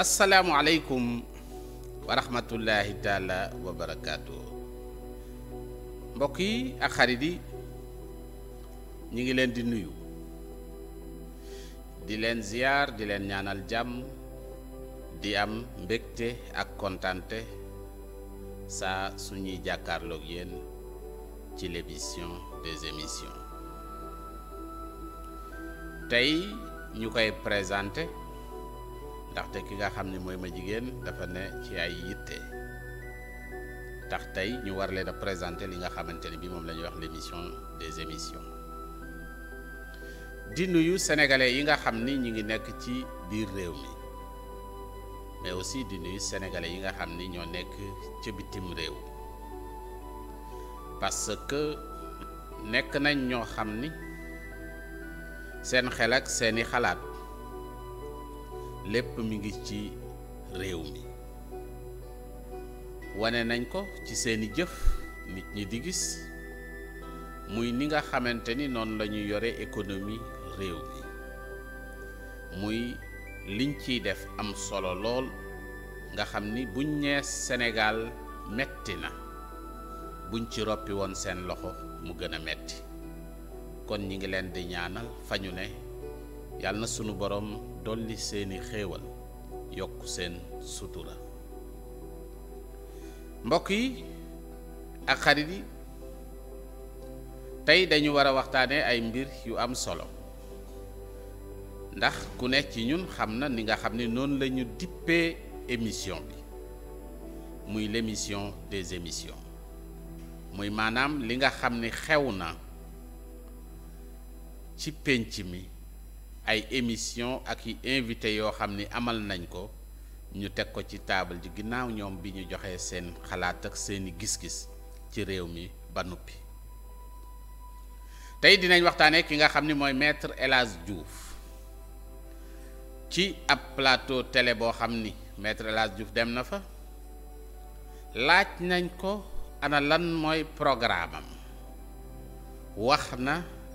asalaamualeykum wa rahmatullahi taala wa barakaatu mbokk yi ak xarit yi ñu ngi leen di nuyu di leen ziyaar di leen ñaanal jàmm di am mbégte ak kontante saa suñuy jàkkaarloog yéen ci l'émission des émissions tey ñu koy présenté ndaxte ki nga xam ni mooy ma jigéen dafa ne ci ay yitte tax tey ñu war leen a présenter li nga xamante ne bi moom la ñuy wax l'émission des émissions di nuyu sénégalais yi nga xam ni ñu ngi nekk ci biir réew mi mais aussi di nuyu sénégalais yi nga xam ni ñoo nekk ca bitim réew parce que nekk nañ ñoo xam ni seen xel ak seeni xalaat. lépp mi ngi ci réew mi wane nañ ko ci seeni jëf nit ñi di gis muy ni nga xamante ni noonu la yore économie réew mi muy liñ ciy def am solo lool nga xam ni buñ ñee Sénégal metti na buñ ci roppi woon seen loxo mu gën a metti kon ñi ngi leen di ñaanal fañu ne yàlla na sunu boroom dolli seeni xéewal yokk seen sutura mbokk yi ak xarit yi tey dañu war a waxtaanee ay mbir yu am solo ndax ku nekk ci ñun xam na ni nga xam ne noonu lañu ñu dippee émission bi muy l'émission des émissions muy maanaam li nga xam ne xew na ci pénc mi ay émission ak i invité yoo xam ni amal nañ ko ñu teg ko ci taabal ji ginnaaw ñoom bi ñu joxee seen xalaat ak seeni gis-gis ci réew mi ba noppi tey dinañ waxtaanee ki nga xam ni mooy maître El Hadj ci ab plateau télé boo xam ni maître El juuf dem na fa laaj nañ ko ana lan mooy programme am wax na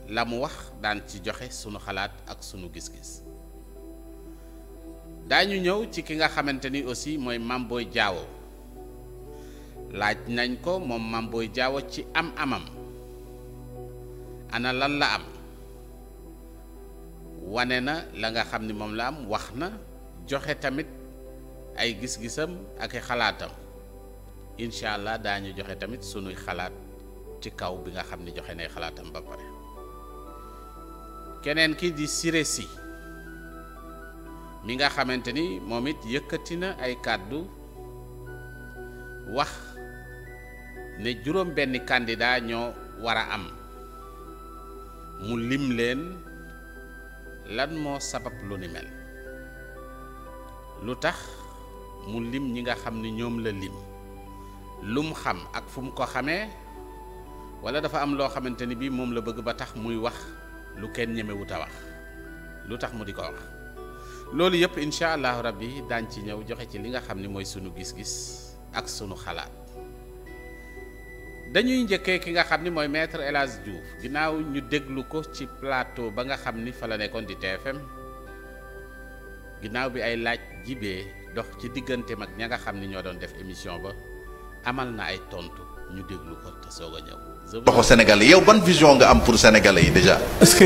la mu wax daan ci joxe sunu xalaat ak sunu gis-gis daañu ñëw ci ki nga xamante ni aussi mooy Mame Boye Diao laaj nañ ko moom Mame Boye Diao ci am amam ana lan la am wane na la nga xam ni moom la am wax na joxe tamit ay gis-gisam ak xalaatam incha allah daañu joxe tamit sunuy xalaat ci kaw bi nga xam ni joxe nay xalaatam ba pare keneen ki di Siré Sy mi nga xamante ni moom it yëkkati na ay kàddu wax ne juróom benn candidat ñoo war a am mu lim leen lan moo sabab lu ni mel lu tax mu lim ñi nga xam ni ñoom la lim lum xam ak fu mu ko xamee wala dafa am loo xamante ni bii moom la bëgg ba tax muy wax lu kenn ñemewut a wax lu tax mu di ko wax loolu yëpp incha allahu rabbi daañ ci ñëw joxe ci li nga xam ni mooy sunu gis-gis ak sunu xalaat dañuy njëkkee ki nga xam ni mooy maître El Hadj Diouf ginnaaw ñu déglu ko ci plateau ba nga xam ni fala nekkoon di TFM ginnaaw bi ay laaj jibee dox ci digganteem ak ña nga xam ni ñoo doon def émission ba amal na ay tontu ñu déglu ko a ñëw. yow ban vision nga am pour Sénégalais yi déjà. est-ce que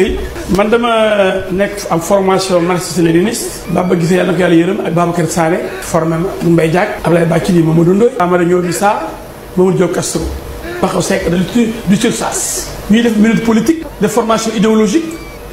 man dama euh, nekk am formation marxiste-léniniste. Baba gisee yàlla na yàlla yërëm ak Babacar Sané formé ma mu Mbaye Diack. Ablaye Bathily Mamadou Ndoye. Amara Ndiobou Sarr Mamadou Diop Castro. Bakhaw Seck du Tursas. ñuy def minute politique. de formation idéologique.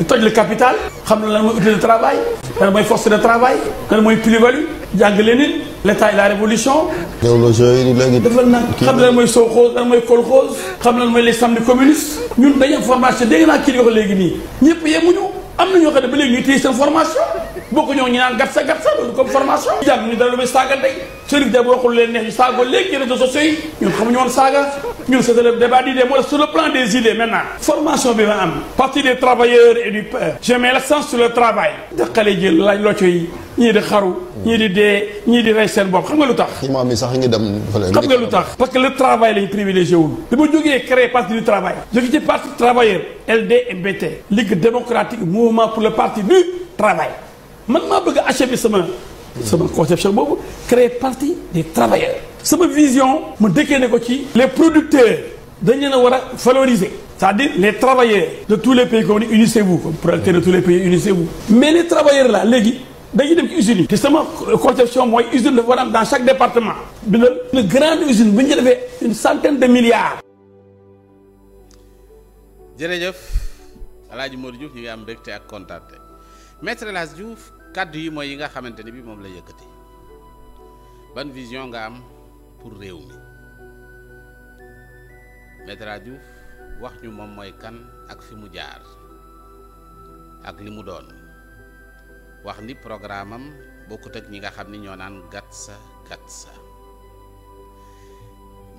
toj le capital xam na la mooy outil de travail lan mooy force de travail lan mooy plus-value jàng Lénine l'état et la révolution defal na xam lan mooy sow xoos lan mooy kol xoos xam lan mooy les samedi communistes ñun dañu am formation dégg naa kii li wax léegi nii ñëpp yemuñu am na ñoo xam ba léegi ñuy téye seen formation bokk ñoo ñu naan gat sa gat sa loolu comme formation jàng ñu dara lu may saaga ndey Chérif Dia waxul leen neex ñu saago léegi réseaux sociaux yi ñun xamuñu woon saaga ñun c'est le débat d'idées moo sur le plan des idées formation bi ma am parti des travailleurs et du peuple je mets sur le travail daqale jël laaj locco yi ñii di xaru ñii di dee ñii di rey seen bopp xam nga lu tax imaam yi sax ngi dem fële nga lu tax parce que le travail lañ privilégié wul bi ma jógee créé parti du travail jóge ci parti travailleur LDMBT Ligue démocratique mouvement pour le parti du travail man maa bëgg sama conception boobu créer parti des travailleurs. sama vision mu ma décliné ko ci. les producteurs dañ leen a war a valoriser. c'est-à-dire les travailleurs. de tous les pays comme ni unissez-vous. comme producteurs de tous les pays unissez-vous. mais les travailleurs là léegi. dañuy dem ci usines yi. te sama conception mooy usine dafa war a am dans chaque département. bindal une grande usine bu ñu defee une centaine de milliards. jërëjëf El Hadj Modou am mbégte ak kontaante maître El kàddu yi mooy yi nga xamante ni bi moom la yëkkati ban vision nga am pour réew mi Maître Diouf wax ñu moom mooy kan ak fi mu jaar ak li mu doon wax ni programme am bokkut ak ñi nga xam ni ñoo naan gàtt sa gàtt sa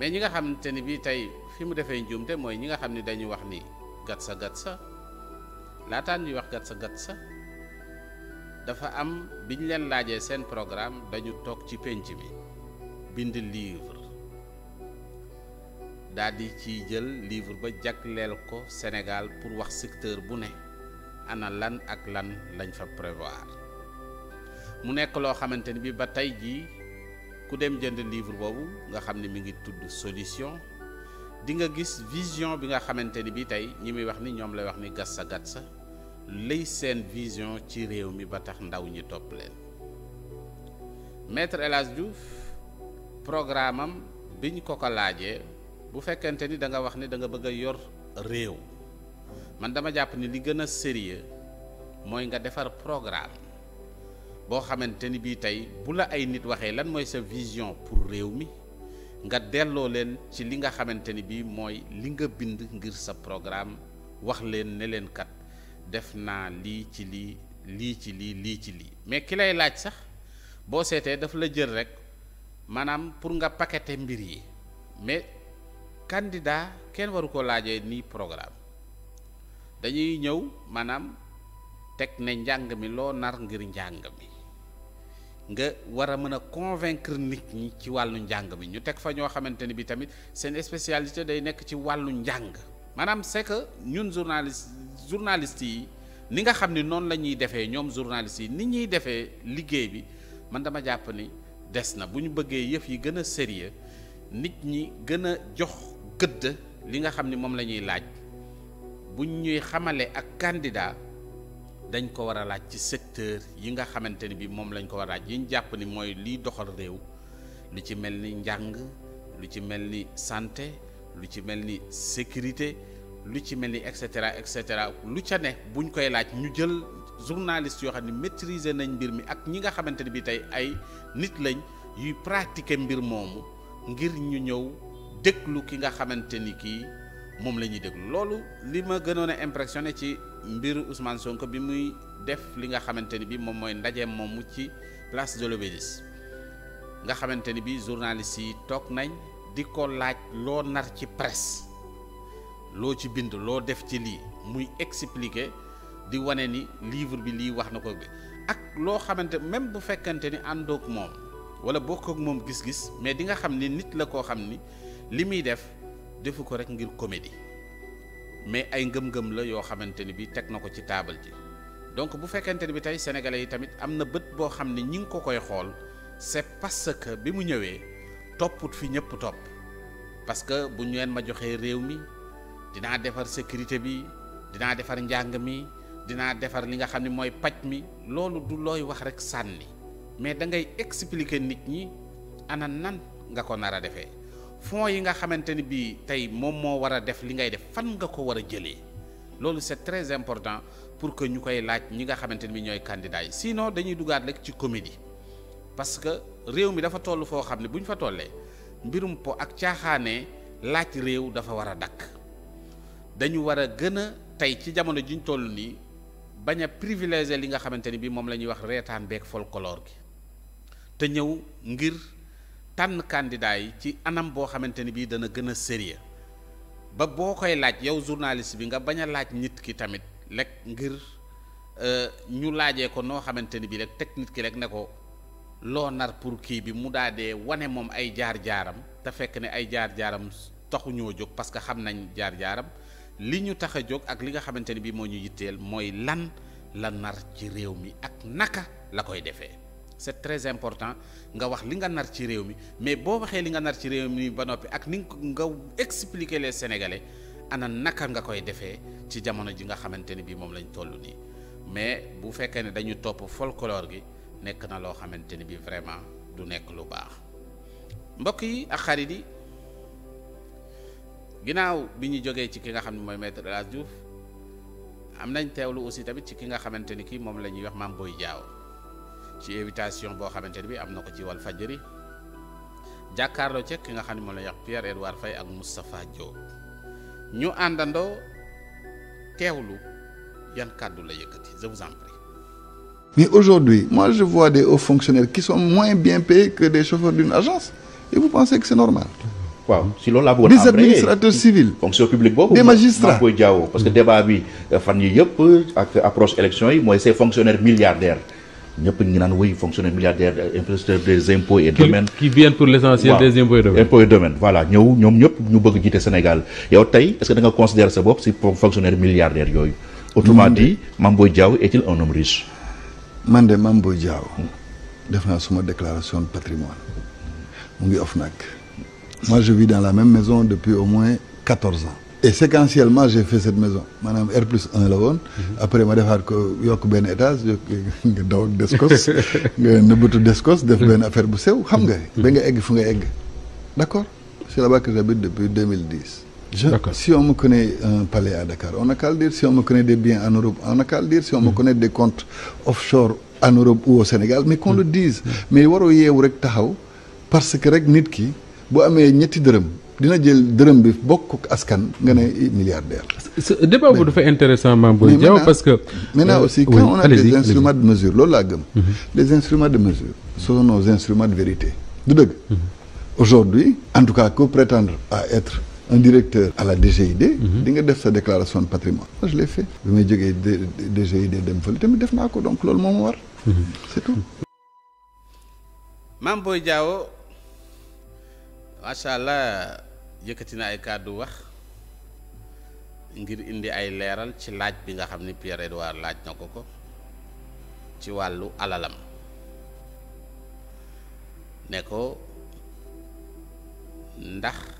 mais ñi nga xamante ni bi tey fi mu defee de mooy ñi nga xam ni dañuy wax ni gàtt sa gàtt sa laataan ñuy wax gàtt sa gàtt sa dafa am bi ñu leen laajee seen programme dañu toog ci pénc mi bind livre daldi ciy jël livre ba jagleel ko Sénégal pour wax secteur bu ne ana lan ak lan lañ fa prévoir mu nekk loo xamante ni bi ba tey jii ku dem jënd livre boobu nga xam ne mi ngi tudd solution di nga gis vision bi nga xamante ni bi tey ñi muy wax ni ñoom lay wax ni gas sa gat sa lëy seen vision ci réew mi ba tax ndaw ñi topp leen maître El Hadj Diouf programme am biñ ko ko laajee bu fekkente ni da nga wax ne danga bëgg a yor réew man dama jàpp ni li gën a sérieux mooy nga defar programme boo xamante ni bii tey bu la ay nit waxee lan mooy sa vision pour réew mi nga delloo leen ci li nga xamante ni bii mooy li nga bind ngir sa programme wax leen ne leen def naa lii ci lii lii ci lii lii ci lii mais ki lay laaj sax boo seetee dafa la jël rek maanaam pour nga paqueter mbir yi mais candidat kenn waru ko laajee nii programme dañuy ñëw maanaam teg ne njàng mi loo nar ngir njàng mi nga war a mën a convaincre nit ñi ci wàllu njàng mi ñu teg fa ñoo xamante ni bi tamit seen spécialité day nekk ci wàllu njàng maanaam c'est ñun journaliste journaliste yi ni nga xam ni noonu la ñuy defee ñoom journaliste yi ni ñuy defee liggéey bi man dama jàpp ni des na bu ñu bëggee yëf yi gën a sérieux nit ñi gën a jox gëdd li nga xam ni moom la ñuy laaj bu ñuy xamale ak candidat dañ ko war a laaj ci secteur yi nga xamante ni bi moom lañ ko war a laaj yi ñu ni mooy liy doxal réew lu ci mel ni njàng lu ci mel ni santé lu ci mel ni sécurité lu ci mel ni et cetera et cetera lu ca ne buñ koy laaj ñu jël journaliste yoo xam ne maîtriser nañ mbir mi ak ñi nga xamante ne bi tey ay nit lañ yuy pratiquer mbir moomu ngir ñu ñëw déglu ki nga xamante ni kii moom la ñuy déglu loolu li ma gënoon a impressionné ci mbir Ousmane Sonko bi muy def li nga xamante ni bi moom mooy ndajeem moomu ci place de nga xamante ni bi journaliste yi toog nañ di ko laaj loo nar ci presse loo ci bind loo def ci lii muy expliquer di wane ni livre bi lii wax na ko bi ak loo xamante même bu fekkante ni àndoog moom wala bokk ak moom gis-gis mais di nga xam ni nit la koo xam ni li muy def defu ko rek ngir comédie mais ay ngëm-ngëm la yoo xamante ni bi teg na ko ci taabal ji donc bu fekkente ni bi tey sénégalais yi tamit am na bët boo xam ne ñi ngi ko koy xool c'est parce que bi mu ñëwee topput fi ñëpp topp parce que bu ñu leen ma joxee réew mi dinaa defar sécurité bi dinaa defar njàng mi dinaa defar li nga xam ni mooy paj mi loolu du looy wax rek sànni mais da ngay expliquer nit ñi ana nan nga ko nar a defee fonds yi nga xamante ni bii tey moom moo war a def li ngay def fan nga ko war a jëlee loolu c'est très important pour que ñu koy laaj ñi nga xamante ni bi ñooy candidats yi sinon dañuy dugaat rek ci comédie parce réew mi dafa toll foo xam ne bu ñu fa tollee mbirum po ak caaxaanee laaj réew dafa war a dakk dañu war a gën a tey ci jamono jiñ ñu toll nii bañ a privilégié li nga xamante ni bii moom la ñuy wax reetaan beeg folklore gi te ñëw ngir tànn candidat yi ci anam boo xamante ni bii dana gën a sérieux ba boo koy laaj yow journalist bi nga bañ a laaj nit ki tamit lekk ngir euh, ñu laajee ko noo xamante ni bii rek teg nit ki rek ne ko. loo nar pour kii bi mu daa wane moom ay jaar-jaaram te fekk ne ay jaar-jaaram taxu ñoo jóg parce que xam nañ jaar-jaaram li ñu tax a jóg ak li nga xamante ni bii moo ñu yitteel mooy lan la nar ci réew mi ak naka la koy defee c'est très important nga wax li nga nar ci réew mi mais boo waxee li nga nar ci réew mi ba noppi ak ni nga expliquer les Sénégalais ana naka nga koy defee ci jamono ji nga xamante ni bii moom lañ toll nii mais bu fekkee ne dañu topp folklore gi. nekk na loo xamante ni bi vraiment du nekk lu baax mbokk yi ak xarit yi ginnaaw bi ñu jógee ci ki nga xam ne mooy maître El jouf am nañ teewlu aussi tamit ci ki nga xamante ni kii moom la ñuy wax Mame Boye Diao ci invitation boo xamante ni bi am na ko ci wal fajëri jàkkaarloo ci ki nga xam ne moom la ñuy wax Pierre Edouard Faye ak Moustapha Diop ñu àndandoo teewlu yan kàddu la yëkkati je vous Mais aujourd'hui, moi je vois des hauts fonctionnaires qui sont moins bien payés que des chauffeurs d'une agence. Et vous pensez que c'est normal des administrateurs civils. des magistrats parce que débat bi euh, fan yi yëpp ak approche élection yi mooy ces fonctionnaires milliardaires ñëpp ñu naan oui fonctionnaires milliardaires euh, investisseurs des impôts et domaines. qui viennent pour l'essentiel des impôts et domaines. impôts et domaines voilà ñëw ñoom ñëpp ñu bëgg jiite Sénégal yow tey man de Mame Boye Diao def naa suma déclaration de patrimoine mu ngi OFNAC moi je vis dans la même maison depuis au moins quatorze ans et séquentiellement j'ai fait cette maison maanaam R plus la woon mhm. après ma defaat ko yokk benn étage nga daw des descos nga des descos def benn affaire bu sew xam nga ba nga egg fu nga egg d'accord c'est là-bas que j'habite depuis 2010 Je, si on me connaît un palais à Dakar, on n'a qu'à le dire. Si on me connaît des en Europe, on n'a qu'à le dire. Si on me hmm. connaît des comptes offshore en Europe ou au Sénégal, mais qu'on hmm. le dise. Hmm. mais waroo yeewu rek taxaw parce que rek nit ki bu amee ñetti dërëm dina jël dërëm bi bokk askan nga ne milliardaire. débat bu dafa intéressant Mame Boye Diao parce que. maintenant euh, aussi quand on a des instruments de mesure loolu laa gëm. Mhm. les instruments de mesure sont nos instruments de vérité. Mhm. en tout cas que prétendre un directeur à la DGID mhm. di nga def sa déclaration de patrimoine moi je fait bi may jógee DGID dem fële tamit def naa ko donc loolu moom war mhm. c'est tout Mame Boye allah yëkkati na ay kàddu wax ngir indi ay leeral ci laaj bi nga xam ni Pierre Edouard laaj na ko ko ci wàllu alalam ne ko ndax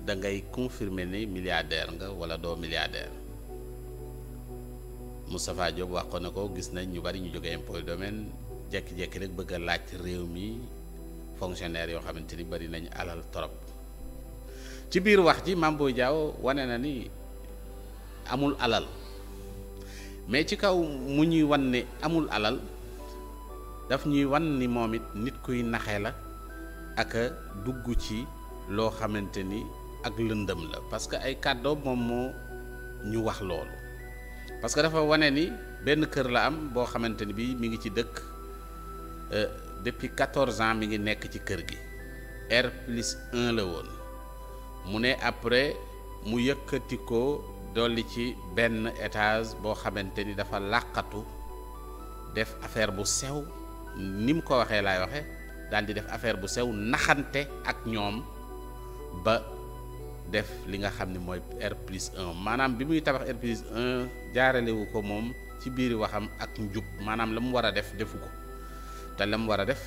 da ngay confirmer ni milliardaire nga wala doo milliardaire Moustapha Diop wax ko ne ko gis nañ ñu bari ñu jógee impôt domaine jekki-jekki rek bëgg a laaj réew mi fonctionnaire yoo xamante ni bari nañ alal torop ci biir wax ji Mame Boye Diao wane na ni amul alal mais ci kaw mu ñuy wan ne amul alal daf ñuy wan ni moom it nit kuy naxe la ak dugg ci loo xamante ni ak lëndëm la parce que ay kàddoo moom moo ñu wax loolu parce que dafa wane ni benn kër la am boo xamante ni bii mu ngi ci dëkk euh, depuis 14 ans mi ngi nekk ci kër gi R plus 1 la woon mu ne après mu yëkkati ko dolli ci benn étage boo xamante ni dafa làqatu def affaire bu sew ni mu ko waxee laay waxe daal di def affaire bu sew naxante ak ñoom ba. def li nga xam ni mooy R plus 1 maanaam bi muy tabax R plus 1 jaaralewu ko moom ci biir waxam ak njub maanaam la mu war a def defu ko te la mu war a def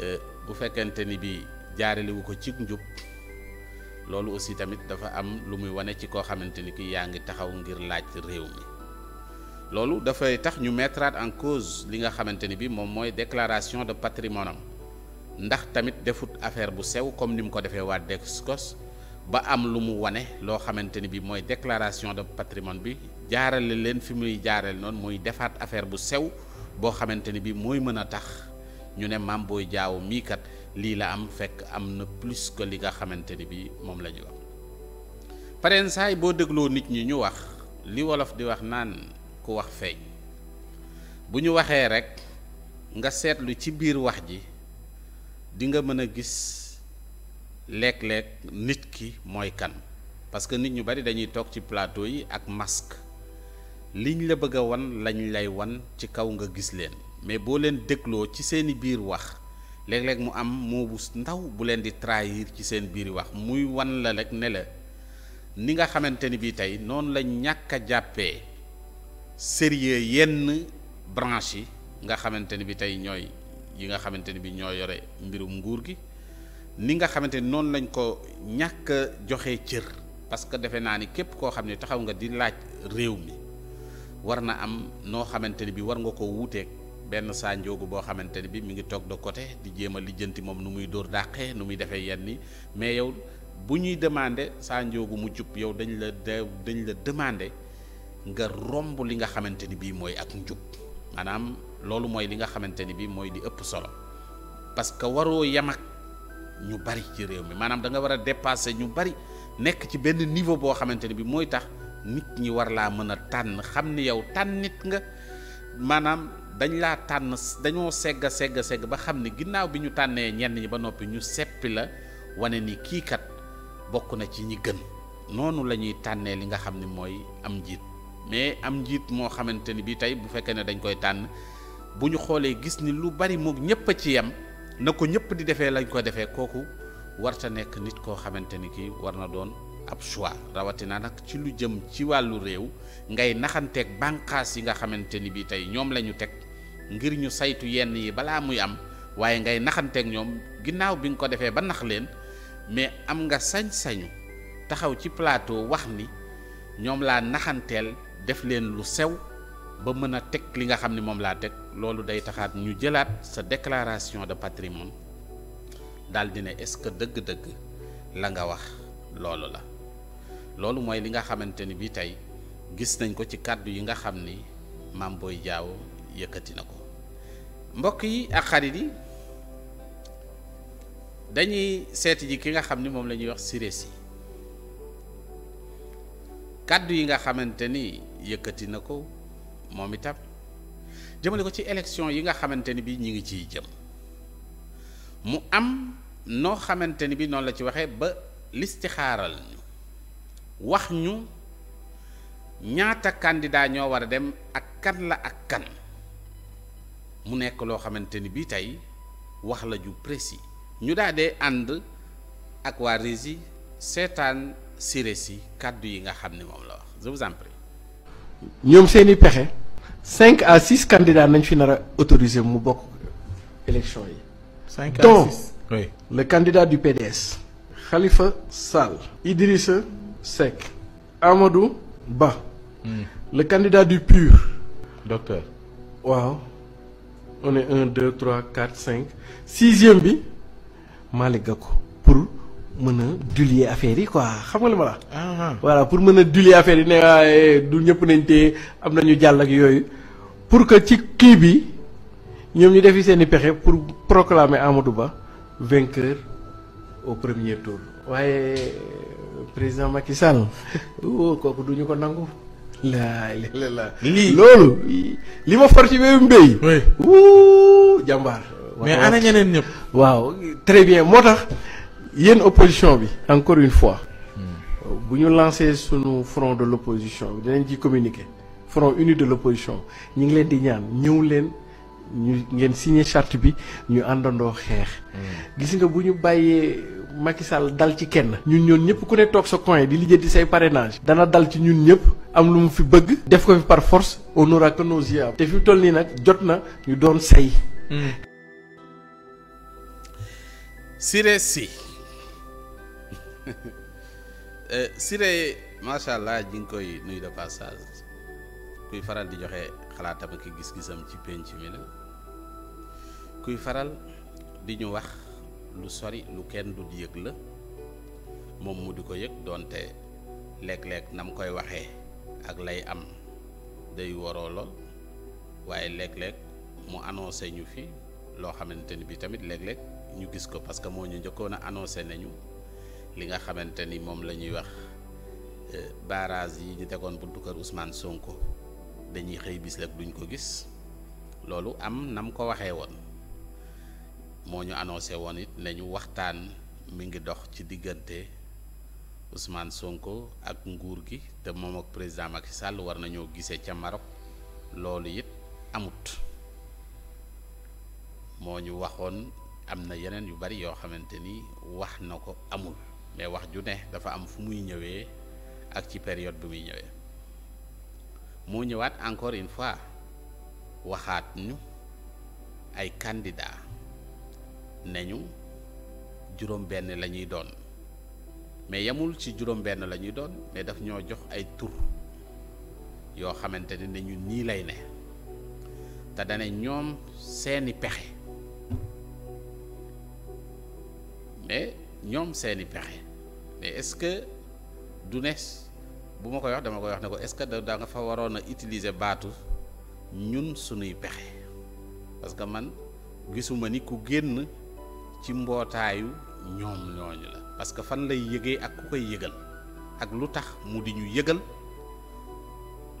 euh, bu fekkente ni bi jaaralewu ko ci njub loolu aussi tamit dafa am lu muy wane ci koo xamante ni ki yaa ngi taxaw ngir laaj réew mi loolu dafay tax ñu mettraat en cause li nga xamante ni bi moom mooy déclaration de patrimoine ndax tamit defut affaire bu sew comme ni mu ko defee waa Descos ba am lu mu wane loo xamante ni bi mooy déclaration de patrimoine bi jaarale leen fi muy jaarale noonu muy defaat affaire bu sew boo xamante ni bi mooy mën a tax ñu ne Mame booy Diao mii lii la am fekk am na plus ko li nga xamante ni bi moom lañu ñu wax pareen saay boo dégloo nit ñi ñu wax li wolof di wax naan ku wax feeñ bu ñu waxee rek nga seetlu ci biir wax ji di mën a gis léeg-léeg nit ki mooy kan parce que nit ñu bari dañuy toog ci plateau yi ak masque liñ la bëgg wan lañ lay wan ci kaw nga gis leen mais boo leen dégloo ci seeni biir wax léeg-léeg mu am moo bu ndaw bu leen di trahir ci seen biir wax muy wan la rek ne la ni nga xamante ni bii tey noonu lañ ñàkk a jàppee sérieux yenn branche yi nga xamante ni bi tey ñooy yi nga xamante ni bi ñoo yore mbirum nguur gi ni nga xamante ni noonu lañ ko ñàkk joxe cër parce que defe naa ni képp koo xam ne taxaw nga di laaj réew mi war na am noo xamante ni bi war nga ko wuuteeg benn saa njoogu boo xamante ni bi mi ngi toog de côté di a lijjanti moom nu muy dóor dàqee nu defee yenn yi mais yow bu ñuy demandé saa mu jub yow dañ la dañ la demandé nga romb li nga xamante ni bii mooy ak njub maanaam loolu mooy li nga xamante ni bii mooy di ëpp solo parce waroo yam ñu bari ci réew mi maanaam da nga war a dépasser ñu bari nekk ci benn niveau boo xamante ne bi mooy tax nit ñi war laa mën a tànn xam ni yow tànn nit nga maanaam dañ laa tànn dañoo segg segg segg ba xam ni ginnaaw bi ñu tànnee ñenn ñi ba noppi ñu seppi la wane ni kii kat bokk na ci ñi gën noonu la ñuy tànnee li nga xam ni mooy am njiit mais am njiit moo xamante ni bi tey bu fekkee ne dañ koy tànn bu ñu xoolee gis ni lu bari moog ñépp a ci yem na ko ñëpp di defee lañ ko defee kooku warta nekk nit koo xamante ni kii war na doon ab choix rawatina nag ci lu jëm ci wàllu réew ngay naxanteeg bànqaas yi nga xamante ni bii tey ñoom la ñu teg ngir ñu saytu yenn yi balaa muy am waaye ngay naxanteeg ñoom ginnaaw bi nga ko defee ba nax leen mais am nga sañ-sañu taxaw ci plateau wax ni ñoom laa naxanteel def leen lu sew ba mën a teg li nga xam ni moom laa teg loolu day taxaat ñu jëlaat sa déclaration de patrimoine daal di ne est-ce que dëgg-dëgg la nga wax loolu la loolu mooy li nga xamante ni bii tey gis nañ ko ci kàddu yi nga xam ni Mame Boye Diao yëkkati na ko mbokk yi ak yi dañuy seeti ji ki nga xam ni moom la wax Siré Sy kàddu yi nga xamante ni yëkkati na ko moom itam. jëmale ko ci élection yi nga xamante ni bi ñu ngi ciy jëm mu am noo xamante ni bi noonu la ci waxee ba listixaaral ñu wax ñu ñaata candidat ñoo war a dem ak kan la ak kan mu nekk loo xamante ni bi tey wax la ju précis ñu daal dee ànd ak waa Rési seetaan Siré si kàddu yi nga xam ne moom la wax je en prie ñoom seeni pexe cinq à six candidats nañ fi nar a autoriser mu bokk élection yi. cinq à dont le candidat du PDS. Khalifa Sall. Idrissa Seck. Amadou Ba. Mm. le du PUR. docteur. waaw on est un deux trois quatre cinq sixième bi Malick Gakou pour. mën a dulier affaire yi quoi xam nga li ma la. Ah, ah. voilà pour mën a dulier affaire yi ne eh, du ñëpp nañ te am nañu jàll ak yooyu pour que ci kii bi ñoom ñu defi seen i pexe pour proclamer Amadou Ba vainqueur au premier tour. waaye président Macky Sall oh, kooku du ñu ko nangu. laa la la lii loolu. li ma for ci wéyum mbéy. oui wuu jàmbaar. mais ana ñeneen ñëpp. waaw très bien moo tax. yéen opposition bi encore une fois bu ñu lancé sunu front de l'opposition bi dinañ ci communiquer front uni de l'opposition ñu ngi leen di ñaan ñëw leen ñu ngeen signé chart bi ñu àndandoo xeex. gis nga bu ñu bàyyee Macky Sall dal ci kenn. ñun ñoon ñëpp ku ne toog sa coin di lijjanti say parrainage. dana dal ci ñun ñëpp am lu mu fi bëgg. def ko fi par force on n'aura que nos yeux te fi toll nii nag jot na ñu doon say. Siré Sy. Eh, Siré macha allah ji nga koy nuyu de passage kuy faral di joxe xalaatam ki gis-gisam ci pénc mi la kuy faral di ñu wax lu sori lu kenn du yëg la moom mu di ko yëg doonte léeg-léeg na koy waxee ak lay am day waroo lool waaye léeg-léeg mu annoncé ñu fi loo xamante ni bi tamit léeg-léeg ñu gis ko parce que moo ñu njëkkoon a annoncé nañu. li nga xamante ni moom la ñuy wax euh, barrage yi ñu tegoon buntu kër Ousmane Sonko dañuy xëy bis rek duñ ko gis loolu am nam ko waxee woon moo ñu annoncé woon it ne ñu waxtaan mi ngi dox ci diggante usmaan Sonko ak nguur gi te moom ak président Macky Sall war nañoo gisee ca Maroc loolu it amut moo ñu waxoon am na yeneen yu bari yoo xamante ni wax na ko amul mais wax ju ne dafa am fu muy ñëwee ak ci période bi muy ñëwee moo ñëwaat encore une fois waxaat ñu ay candidat nañu juróom-benn la ñuy doon mais yemul ci juróom-benn la ñuy doon mais daf ñoo jox ay tur yoo xamante ne nañu nii lay ne te dane ñoom seeni pexe mais ñoom seeni pexe mais est-ce que du ne bu ma koy wax dama koy wax ne ko est-ce que da nga fa waroon a utiliser baatu ñun sunuy pexe parce que man gisuma ni ku génn ci mbootaayu ñoom ñooñu la parce que fan lay yëgee ak ku koy yëgal ak lu tax mu di ñu yëgal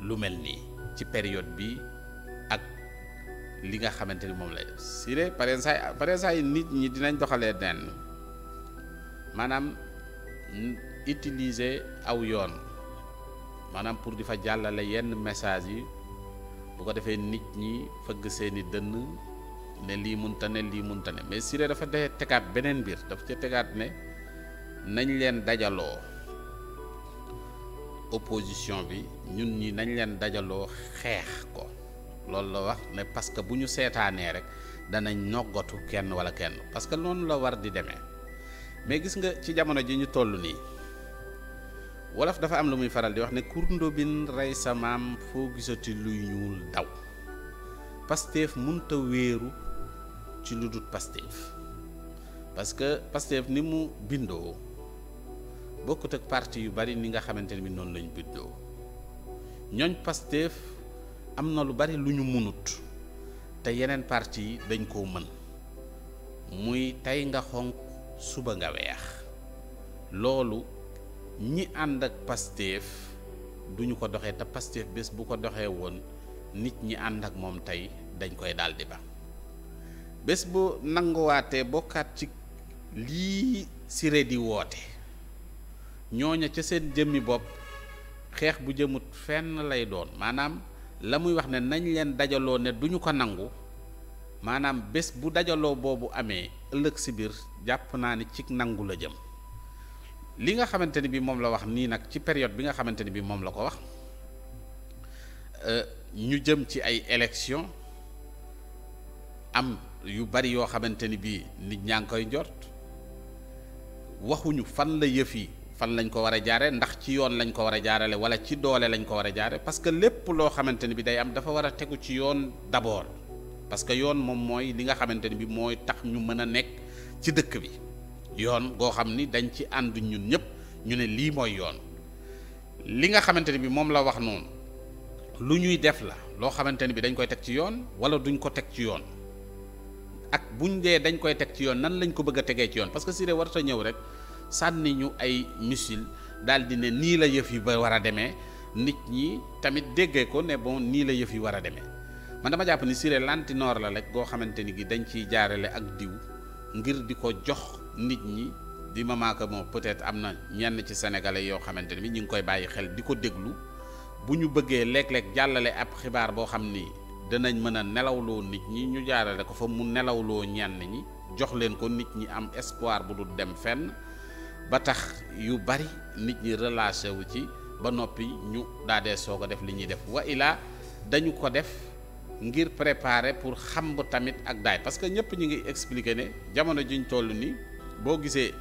lu mel nii ci période bi ak li nga xamante ni moom la def si ne par exemple par nit ñi dinañ doxalee nenn maanaam utiliser aw yoon maanaam pour di fa jàllale yenn message yi bu ko defee nit ñi fëgg seeni dënn ne lii munta ne lii mun ne mais Siré dafa dee tegaat beneen mbir dafa ca tegaat ne nañ leen dajaloo opposition bi ñun ñi nañ leen dajaloo xeex ko loolu la wax ne parce que bu ñu seetaanee rek danañ noggatu kenn wala kenn parce que noonu la war di demee mais gis nga ci jamono ji ñu toll nii wolof dafa am lu muy faral di wax ne kurndobin rey sa maam foo gisati luy ñuul daw Pastef munta wéeru ci lu dul Pastef parce que Pastef ni mu bindoo bokkut ak parti yu bari ni nga xamante ne bi noonu lañu bindoo ñooñ Pastef am na lu bari lu ñu munut te yeneen parti yi dañ koo mën muy tey nga xonk suba nga weex loolu ñi ànd ak Pastef duñu ko doxe te Pastef bés bu ko doxee woon nit ñi ànd ak moom tey dañ koy daldi ba bés bu nanguwaatee bokkaat ci lii siré di woote ñooña ca seen jëmmi bopp xeex bu jëmut fenn lay doon maanaam la muy wax ne nañ leen dajaloo ne duñu ko nangu maanaam bés bu dajaloo boobu amee ëllëg si biir jàpp naa ni ci nangu la jëm li nga xamante ni bi moom la wax nii nag ci période bi nga xamante ni bi moom la ko wax euh, ñu jëm ci ay élection am yu bari yoo xamante ni bii nit ñaa ngi koy njort waxuñu fan la yëf yi fan lañ ko war a jaare ndax ci yoon lañ ko war a jaarale wala ci doole lañ ko war a jaare parce que lépp loo xamante ni bi day am dafa war a tegu ci yoon d'abord parce que yoon moom mooy li nga xamante ni bi mooy tax ñu mën a nekk ci dëkk bi yoon goo xam ni dañ ci ànd ñun ñëpp ñu ne lii mooy yoon li nga xamante ni bi moom la wax noonu lu ñuy def la loo xamante ni bi dañ koy teg ci yoon wala duñ ko teg ci yoon ak buñ dee dañ koy teg ci yoon nan lañ ko bëgg a tegee ci yoon parce que Siré warut a ñëw rek sànni ñu ay missile daal di ne nii la yëf yi ba war a demee nit ñi tamit déggee ko ne bon nii la yëf yi war a demee man dama jàpp ni siré lantinoor la rek goo xamante ni gi dañ ciy jaarale ak diw ngir di ko jox nit ñi di mamaaka moom peut-être am na ñenn ci sénégalais yoo xamante ni ñu ngi koy bàyyi xel di ko déglu bu ñu bëggee léeg-léeg jàllale ab xibaar boo xam ni danañ mën a nelawloo nit ñi ñu jaarale ko fa mu nelawloo ñenn ñi jox leen ko nit ñi am espoir bu dul dem fenn ba tax yu bari nit ñi relâché wu ci ba noppi ñu daadee soog a def li ñuy def wa ilaa dañu ko def ngir préparer pour xam tamit ak daay parce que ñëpp ñu ngi expliquer ne jamono juñ toll ni boo gisee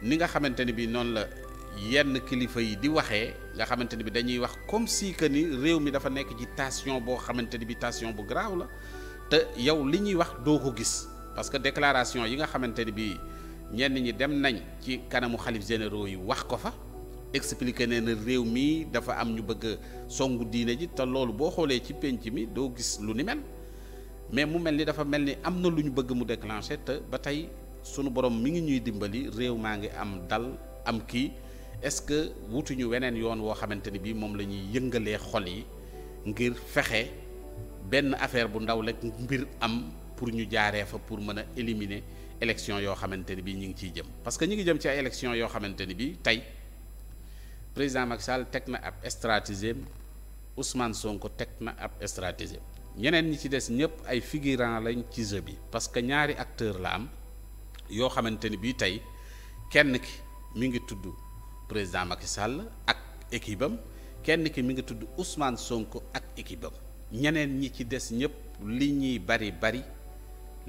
ni nga xamante ni bi noonu la yenn kilifa yi di waxee nga xamante ni bi dañuy wax comme si ni réew mi dafa nekk ci tension boo xamante ni bi tension bu grave la te yow li ñuy wax doo ko gis parce que déclaration yi nga xamante ni bi ñenn ñi dem nañ ci kanamu xalif généraux yi wax ko fa expliqué ne réew mii dafa am ñu bëgg songu diine ji te loolu boo xoolee ci pénc mi doo gis lu ni mel mais mu mel ni dafa mel ni am na lu ñu bëgg mu déclenché te ba tey sunu borom mi ngi ñuy dimbali réew maa ngi am dal am kii est-ce que wutuñu weneen yoon woo xamante ni bii moom la ñuy yëngalee xol yi ngir fexe benn affaire bu ndaw rek mbir am pour ñu jaaree fa pour mën a éliminer élection yoo xamante ni bii ñu ngi ciy jëm parce que ñu ngi jëm ci ay yoo xamante ni bii tey. président Macky Sall teg na ab stratégie Ousmane Sonko teg na ab stratégie ñeneen ñi ci des ñëpp ay figurant lañ ci jeu bi parce que ñaari acteur la am yoo xamante ni bii tey kenn ki mu ngi tudd président Macky Sall ak équipe am kenn ki mi ngi tudd Ousmane Sonko ak équipe ñeneen ñi ci des ñëpp li ñuy bari bari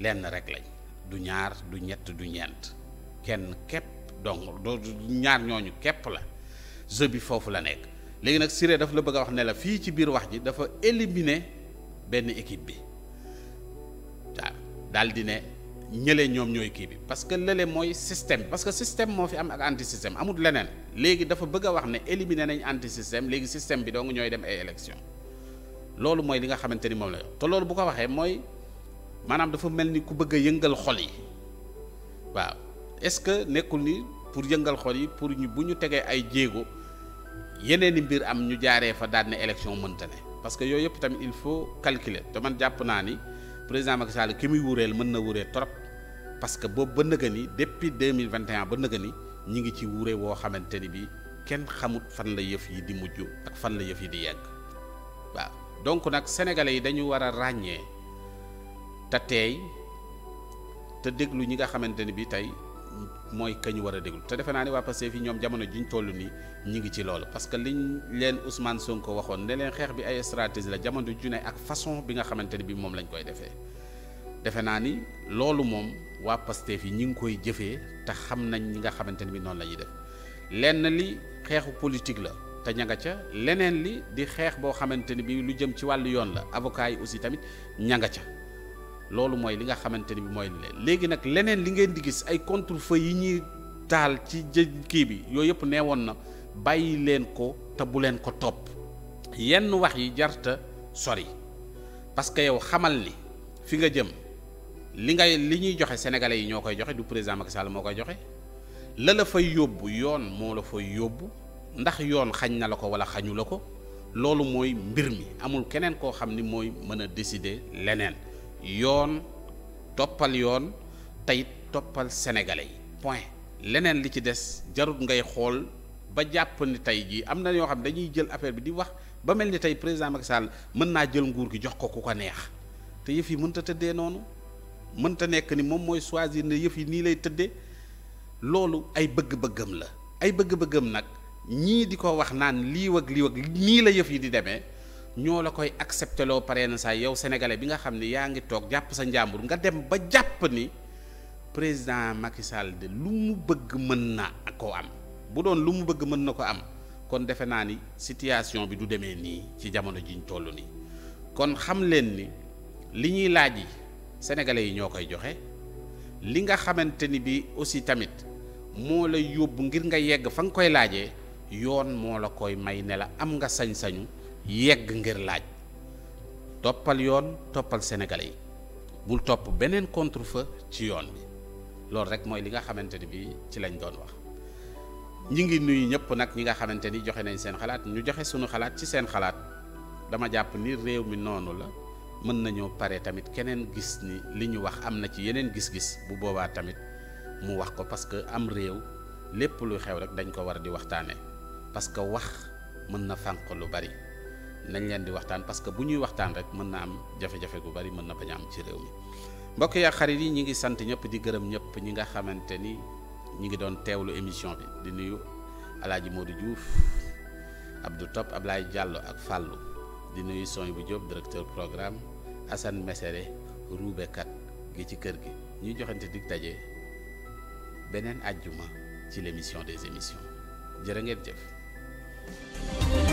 lenn rek lañ du ñaar du ñett du ñeent kenn képp donc do ñaar ñooñu képp la jeu bi foofu la nekk léegi nag Siré daf la bëgg a wax ne la fii ci biir wax ji dafa éliminer benn équipe bi waaw daal di ne ñële ñoom ñooy kii bi parce que lële mooy système parce que système moo fi am ak anti système amul leneen léegi dafa bëgg a wax ne éliminer nañ anti système léegi système bi dong ñooy dem ay élection loolu mooy li nga xamante ni moom la te loolu bu ko waxee mooy maanaam dafa mel ni ku bëgg yëngal xol yi waaw est-ce que nekkul ni pour yëngal xol yi pour ñu bu ñu tegee ay jéego yeneen i mbir am ñu jaaree fa daan ne élection mënta ne parce que yooyu yëpp tamit il faut calculer te man jàpp naa ni président Macky Sall ki muy wureel mën na wuree trop parce que boobu ba nëgë ni depuis deux mille vingt et un ba nëgë ni ñi ngi ci wure woo xamante ni bi kenn xamut fan la yëf yi di mujj ak fan la yëf yi di yegg waaw donc nag sénégalais yi dañu war a ràññee te teey te déglu ñi nga xamante ni bi tey mooy kañu war a déglu te defe naa ne waa Pastef yi ñoom jamono juñ toll nii ñi ngi ci lool parce que liñ leen Ousmane Sonko waxoon ne leen xeex bi ay stratégie la jamono ju ak façon bi nga xamante ne bi moom lañ koy defee defe naa ni loolu moom waa Pastef yi ñi ngi koy jëfee te xam nañ ñi nga xamante ne bi noonu lañuy def lenn li xeexu politique la te ña nga ca leneen li di xeex boo xamante ne bi lu jëm ci wàllu yoon la avocat yi aussi tamit ña nga ca loolu mooy li nga xamante ni bi mooy léegi nag leneen li ngeen di gis ay contre-feu yi ñuy taal ci jë kii bi yooyu yëpp nee woon na bàyyi leen ko te bu leen ko topp yenn wax yi jarta sori parce que yow xamal ni fi nga jëm li ngay li ñuy joxe sénégalais yi ñoo koy joxe du président Macky Sall moo koy joxe la la fay yóbbu yoon moo la fay yóbbu ndax yoon xañ na la ko wala xañu la ko loolu mooy mbir mi amul keneen koo xam ni mooy mën a décider leneen yoon toppal yoon teyit toppal sénégalais yi point leneen li ci des jarut ngay xool ba jàpp ni tey jii am na yoo xam dañuy jël affaire bi di wax ba mel ni tey président Macky Sall mën naa jël nguur gi jox ko ku ko neex te yëf yi mënta tëddee noonu mënta nekk ni moom mooy choisir ne yëf yi nii lay tëddee loolu ay bëgg-bëggam la ay bëgg-bëggam nag ñii di ko wax naan lii wag lii nii la yëf yi di demee ñoo la koy accepté loo pare na saa yow sénégalais bi nga xam ne yaa ngi toog jàpp sa njàmbur nga dem ba jàpp ni président Macky Sall de lu mu bëgg mën na ko am bu doon lu mu bëgg mën na ko am kon defe naa ni situation bi du demee nii ci jamono ji ñu toll nii kon xam leen ni li ñuy laaj yi sénégalais yi ñoo koy joxe li nga xamante ni bi aussi tamit moo la yóbbu ngir nga yegg fa nga koy laajee yoon moo la koy may ne la am nga sañ-sañu. yegg ngir laaj toppal yoon toppal sénégalais yi bul topp beneen contre fa ci yoon bi loolu rek mooy li nga xamante ni bii ci lañ doon wax ñi ngi nuy ñëpp nag ñi nga xamante ni joxe nañ seen xalaat ñu joxe suñu xalaat ci seen xalaat dama jàpp ni réew mi noonu la mën nañoo pare tamit keneen gis ni li ñu wax am na ci yeneen gis-gis bu boobaa tamit mu wax ko parce que am réew lépp lu xew rek dañ ko war di waxtaane parce que wax mën na fànq lu bari nañ leen di waxtaan parce que bu ñuy waxtaan rek mën na am jafe-jafe gu bari mën na bañ am ci réew mi mbokk yaa xarit yi ñi ngi sant ñëpp di gërëm ñëpp ñi nga xamante ni ñi ngi doon teewlu émission bi di nuyu alaaji Modou Diouf Abdou Top Ablaye Diallo ak fàllu di nuyu son bu Diop directeur programme Assane Mesere ruubekat gi ci kër gi ñuy joxante digg daje beneen àjjuma ci l'émission des émissions jërë ngeen jëf